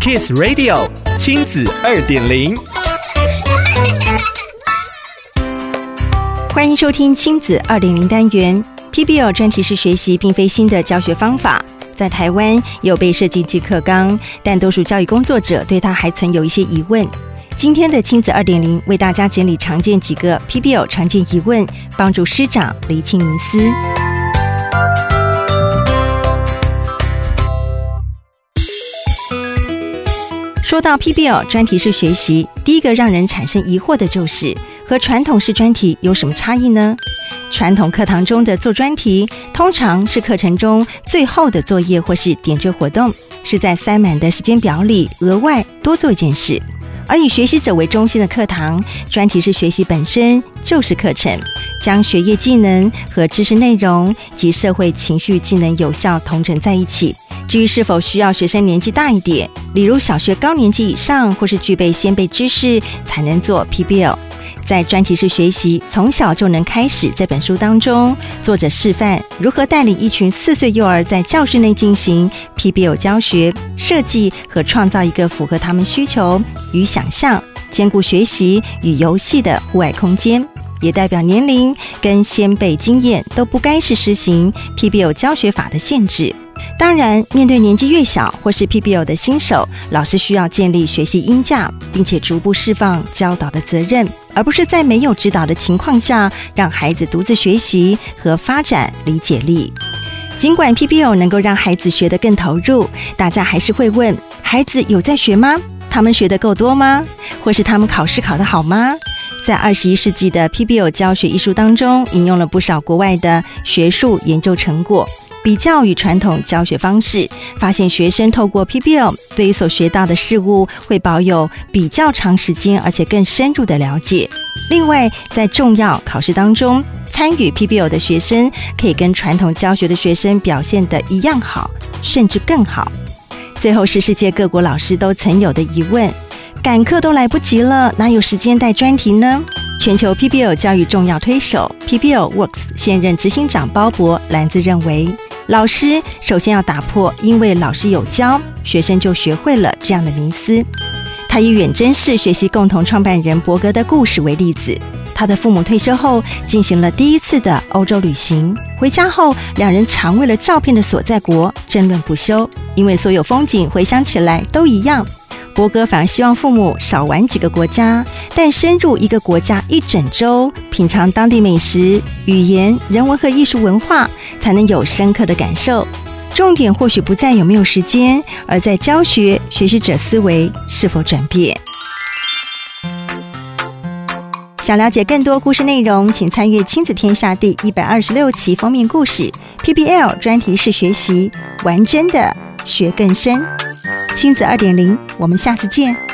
Kiss Radio 親子二點零，歡迎收聽親子二點零單元。PBL 專題式學習並非新的教學方法，在臺灣也有被設計進課綱，但多數教育工作者對它還存有一些疑問。今天的親子二點零為大家整理常見幾個 PBL 常見疑問，幫助師長釐清迷思。說到 PBL 專題式學習，第一個讓人產生疑惑的就是和傳統式專題有什麼差異呢？傳統課堂中的做專題，通常是課程中最後的作業或是點綴活動，是在塞滿的時間表裡額外多做一件事。而以學習者為中心的課堂，專題式學習本身就是課程，將學業技能和知識內容及社會情緒技能有效統整在一起。至於是否需要學生年紀大一點？例如小學高年級以上，或是具備先備知識才能做 PBL。在《專題式學習從小就能開始》這本書當中，作者示範如何帶領一群四歲幼兒在教室內進行 PBL 教學設計和創造一個符合他們需求與想象、兼顧學習與遊戲的戶外空間。也代表年齡跟先備經驗都不該是實行 PBL 教學法的限制。當然，面對年紀越小或是 PBL 的新手，老師需要建立學習鷹架，並且逐步釋放教導的責任，而不是在沒有指導的情況下讓孩子獨自學習和發展理解力。儘管 PBL 能夠讓孩子學得更投入，大家還是會問：孩子有在學嗎？他們學得夠多嗎？或是他們考試考得好嗎？在二十一世紀的 PBL 教學藝術當中，引用了不少國外的學術研究成果。比較與傳統教學方式，發現學生透過 PBL 對於所學到的事物會保有比較長時間而且更深入的了解。另外，在重要考試當中，參與 PBL 的學生可以跟傳統教學的學生表現得一樣好，甚至更好。最後是世界各國老師都曾有的疑問：趕課都來不及了，哪有時間帶專題呢？全球 PBL 教育重要推手 PBL Works 現任執行長鮑勃·蘭茲認為。老師首先要打破，因為老師有教，學生就學會了這樣的迷思。他以遠征式學習共同創辦人博格的故事為例子。他的父母退休後進行了第一次的歐洲旅行，回家後兩人常為了照片的所在國爭論不休，因為所有風景回想起來都一樣。博格反而希望父母少玩幾個國家，但深入一個國家一整周，品嘗當地美食、語言、人文和藝術文化。才能有深刻的感受。重點或許不在有沒有時間，而在教學學習者思維是否轉變。想了解更多故事內容，請參閱《親子天下》第一百二十六期封面故事。PBL 專題式學習玩真的，學更深。親子二點零，我們下次見。